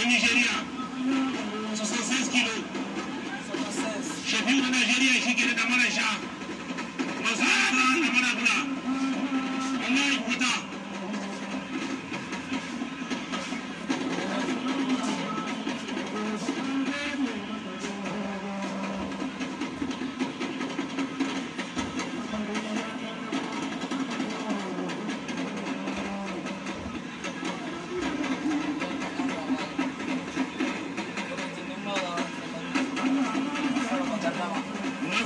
de Nigeria. 76 kilos. Shafiu Nigeria da damar sha. Masu da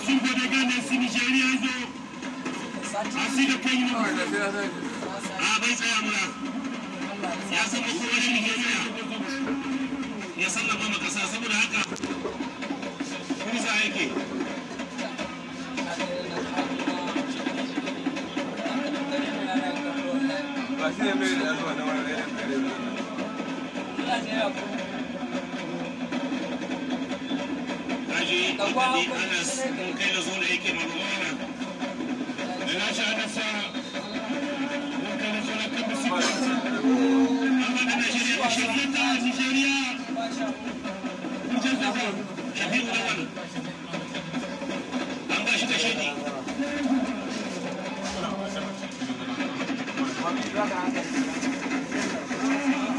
singo daga nan su nigeria zo a si da kai mu a bai tsaya mura ya san nigeria ya kasa saboda haka yake ba shi ne mai da na wani ne da zuwa shi Ali da yake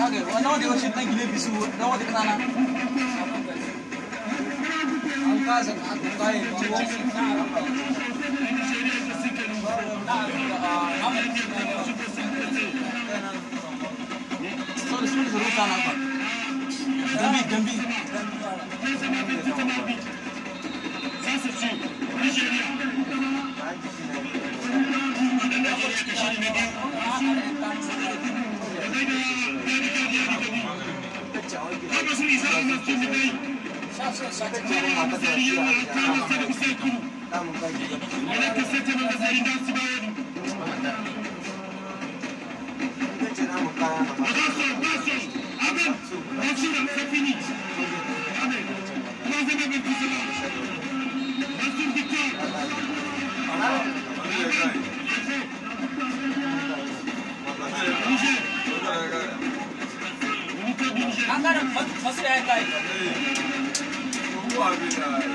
Okay, well, now they you this now what القاسم عبد الطيب وابو نعم جنبيك جنبيك Thank you. Angara, what's the guy? 悪いじゃない。